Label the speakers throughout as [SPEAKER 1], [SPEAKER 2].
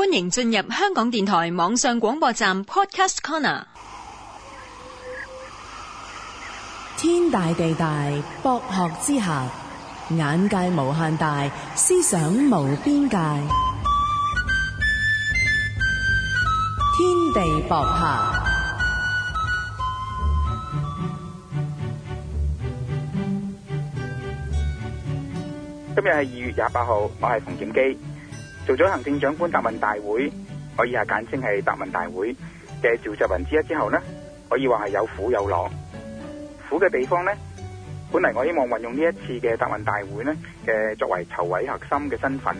[SPEAKER 1] 歡迎進入香港電台網上廣播站 Podcast Corner。天大地大，博學之下，眼界無限大，思想無邊界。天地博客。今日係二月廿八號，我係馮檢基。做咗行政長官答問大會，我以下簡稱係答問大會嘅召集人之一之後呢，可以話係有苦有樂。苦嘅地方呢，本嚟我希望運用呢一次嘅答問大會呢，嘅作為籌委核心嘅身份，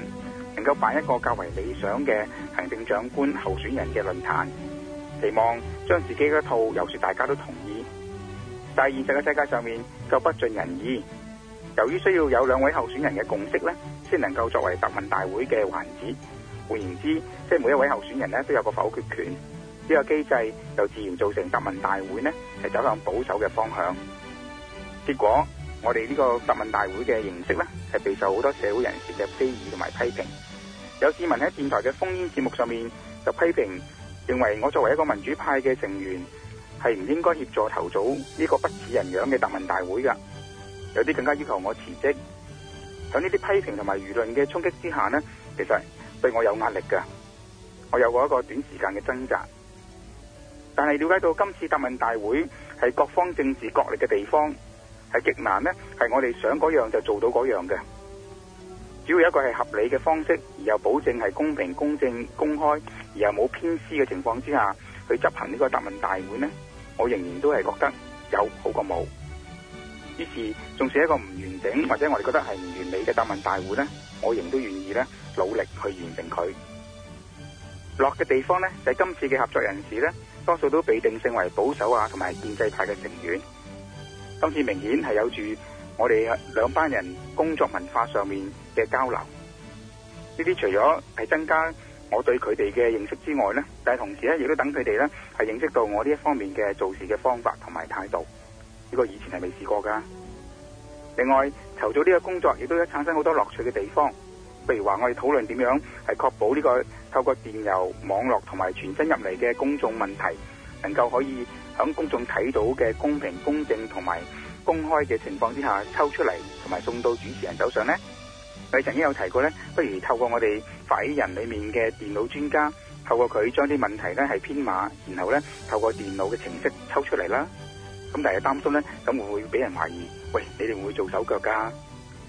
[SPEAKER 1] 能夠辦一個較為理想嘅行政長官候選人嘅論壇，期望將自己嗰套遊說大家都同意，但係現實嘅世界上面就不盡人意。由於需要有兩位候選人嘅共識呢。先能夠作為答問大會嘅環節，換言之，即係每一位候選人咧都有個否決權。呢個機制就自然造成答問大會呢係走向保守嘅方向。結果，我哋呢個答問大會嘅形式呢係備受好多社會人士嘅非議同埋批評。有市民喺電台嘅烽煙節目上面就批評，認為我作為一個民主派嘅成員係唔應該協助籌組呢個不似人樣嘅答問大會㗎。有啲更加要求我辭職。喺呢啲批評同埋輿論嘅衝擊之下呢，其實對我有壓力㗎，我有過一個短時間嘅掙扎。但係了解到今次答問大會係各方政治角力嘅地方，係極難呢，係我哋想嗰樣就做到嗰樣嘅。只要有一個係合理嘅方式，而又保證係公平、公正、公開，而又冇偏私嘅情況之下，去執行呢個答問大會呢，我仍然都係覺得有好過冇。於是，仲是一個唔完整或者我哋覺得係唔完美嘅答問大會呢，我仍都願意咧努力去完成佢。落嘅地方呢，就係今次嘅合作人士呢，多數都被定性為保守啊同埋建制派嘅成員。今次明顯係有住我哋兩班人工作文化上面嘅交流。呢啲除咗係增加我對佢哋嘅認識之外呢，但係同時咧，亦都等佢哋呢係認識到我呢一方面嘅做事嘅方法同埋態度。呢、呢個以前係未試過㗎。另外，籌組呢個工作亦都產生好多樂趣嘅地方，譬如話我哋討論點樣係確保呢、呢個透過電郵、網絡同埋傳真入嚟嘅公眾問題，能夠可以響公眾睇到嘅公平、公正同埋公開嘅情況之下抽出嚟，同埋送到主持人手上呢。我哋曾經有提過呢，不如透過我哋委員裡面嘅電腦專家，透過佢將啲問題呢係編碼，然後呢透過電腦嘅程式抽出嚟啦。咁但係擔心咧，咁會唔會俾人懷疑？喂，你哋會唔會做手腳噶？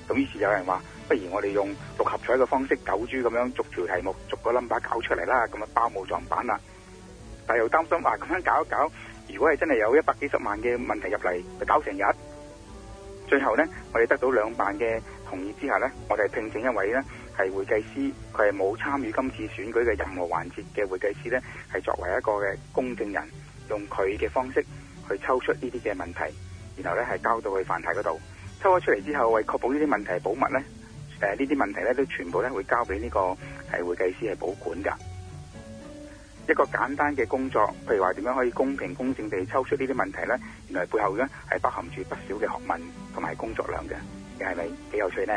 [SPEAKER 1] 咁於是有人話，不如我哋用六合彩嘅方式，九珠咁樣逐條題目逐個 number 搞出嚟啦。咁啊包冇撞板啦。但係又擔心話咁樣搞一搞，如果係真係有一百幾十萬嘅問題入嚟，咪搞成日。最後咧，我哋得到兩辦嘅同意之下咧，我哋聘請一位咧係會計師，佢係冇參與今次選舉嘅任何環節嘅會計師咧，係作為一個嘅公證人，用佢嘅方式。去抽出呢啲嘅問題，然後咧係交到去范太嗰度。抽咗出嚟之後，為確保呢啲問題保密咧，誒呢啲問題咧都全部咧會交俾呢個係會計師係保管噶。一個簡單嘅工作，譬如話點樣可以公平公正地抽出呢啲問題咧，原來背後咧係包含住不少嘅學問同埋工作量嘅，你係咪幾有趣呢？